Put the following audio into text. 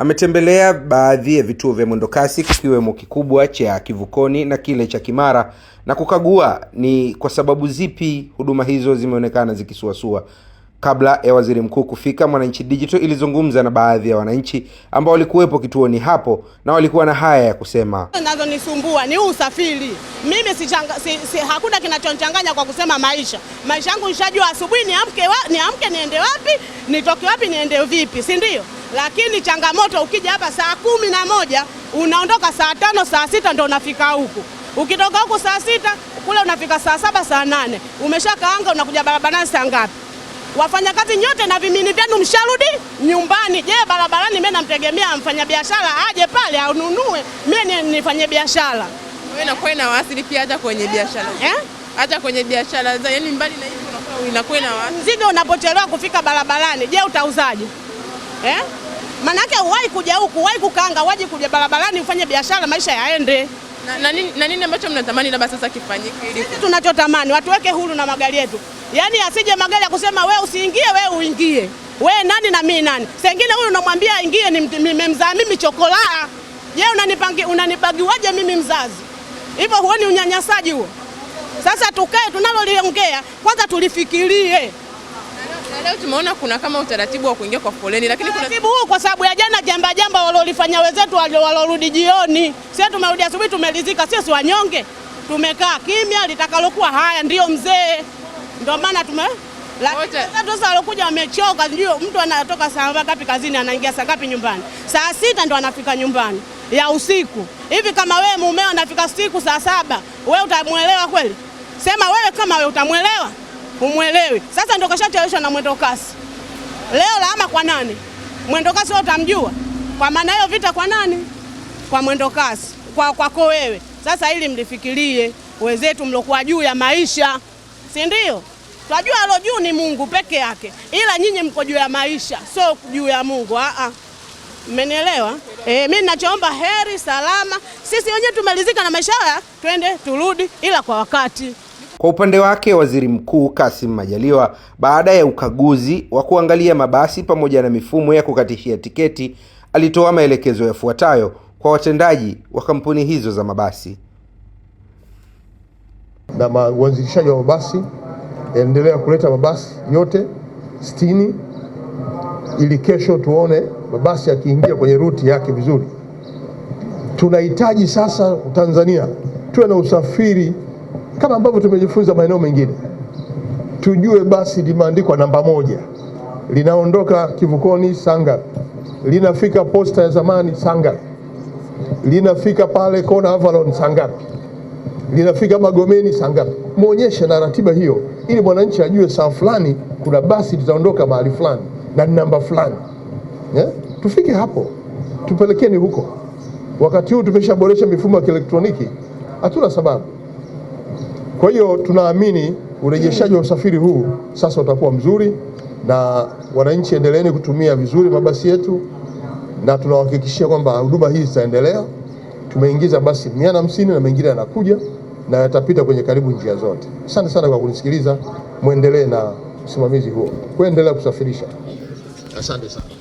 Ametembelea baadhi ya vituo vya mwendokasi kikiwemo kikubwa cha Kivukoni na kile cha Kimara na kukagua ni kwa sababu zipi huduma hizo zimeonekana zikisuasua. Kabla ya waziri mkuu kufika, Mwananchi Digital ilizungumza na baadhi ya wananchi ambao walikuwepo kituoni hapo na walikuwa na haya ya kusema. Nazonisumbua ni usafiri mimi si, si, hakuna kinachonchanganya kwa kusema maisha maisha yangu nishajua, asubuhi niamke niamke niende wapi nitoke wapi niende vipi, si ndio? lakini changamoto ukija hapa saa kumi na moja unaondoka saa tano saa sita ndo unafika huku. Ukitoka huku saa sita kule unafika saa saba saa nane umeshakaanga, unakuja barabarani saa ngapi? Wafanyakazi nyote na vimini vyenu msharudi nyumbani. Je, barabarani mimi namtegemea mfanyabiashara aje pale anunue, mimi nifanye biashara, inakuwa inawasili pia hata kwenye biashara eh? hata kwenye biashara yani, mbali na hizo inakuwa inakuwa Mzigo unapochelewa kufika barabarani, je utauzaje? eh? Manake uwai kuja huku, uwai kukanga waje kuja barabarani ufanye biashara, maisha yaende. Na, na, nini, na nini ambacho mnatamani labda sasa kifanyike ili? Sisi tunachotamani watuweke huru na magari yetu, yaani asije magari ya kusema we usiingie, we uingie, we nani na mimi nani. Sengine huyu unamwambia aingie, nimemzaa mimi chokolaa, je, unanibagiwaje mimi mzazi? Hivyo huoni unyanyasaji huo? Sasa tukae, tunaloliongea kwanza tulifikirie leo tumeona kuna kama utaratibu wa kuingia kwa foleni, lakini utaratibu huu kwa sababu ya jana jamba jamba walolifanya wenzetu walorudi jioni. Sisi tumerudi asubuhi, tumelizika. si wanyonge tumekaa kimya, litakalokuwa haya ndio mzee, ndio maana tume sasa walokuja wamechoka, ndio mtu anatoka saa ngapi kazini, anaingia saa ngapi nyumbani? Saa sita ndo anafika nyumbani ya usiku hivi. Kama wewe mumeo anafika siku saa saba, wewe utamwelewa kweli? Sema wewe kama wewe utamwelewa? umwelewi Sasa ndio kashatereshwa na mwendokasi. Leo lawama kwa nani? Mwendokasi wewe utamjua? Kwa maana hiyo vita kwa nani? Kwa mwendokasi, kwa kwako wewe. Sasa hili mlifikirie, wenzetu mlokuwa juu ya maisha, si ndio? Twajua alo juu ni Mungu peke yake, ila nyinyi mko juu ya maisha, sio juu ya Mungu. Aa, mmenielewa? E, eh, mi nachoomba heri salama. Sisi wenyewe tumelizika na maisha haya, twende turudi, ila kwa wakati. Kwa upande wake, Waziri Mkuu Kassim Majaliwa, baada ya ukaguzi wa kuangalia mabasi pamoja na mifumo ya kukatishia tiketi, alitoa maelekezo yafuatayo kwa watendaji wa kampuni hizo za mabasi. Na uanzilishaji wa mabasi yaendelea kuleta mabasi yote sitini ili kesho tuone mabasi yakiingia kwenye ruti yake vizuri. Tunahitaji sasa Tanzania tuwe na usafiri kama ambavyo tumejifunza maeneo mengine. Tujue basi limeandikwa namba moja, linaondoka kivukoni sanga linafika posta ya zamani Sanga, linafika pale kona Avalon Sanga, linafika Magomeni Sanga. Muonyeshe na ratiba hiyo, ili mwananchi ajue saa fulani kuna basi litaondoka mahali fulani na namba fulani yeah? Tufike hapo, tupelekeni huko. Wakati huu tumeshaboresha mifumo ya kielektroniki, hatuna sababu kwa hiyo tunaamini urejeshaji wa usafiri huu sasa utakuwa mzuri, na wananchi, endeleeni kutumia vizuri mabasi yetu, na tunawahakikishia kwamba huduma hii zitaendelea. Tumeingiza basi mia na hamsini na mengine yanakuja na yatapita kwenye karibu njia zote. Asante sana kwa kunisikiliza, mwendelee na usimamizi huo, kuendelea kusafirisha. Asante sana.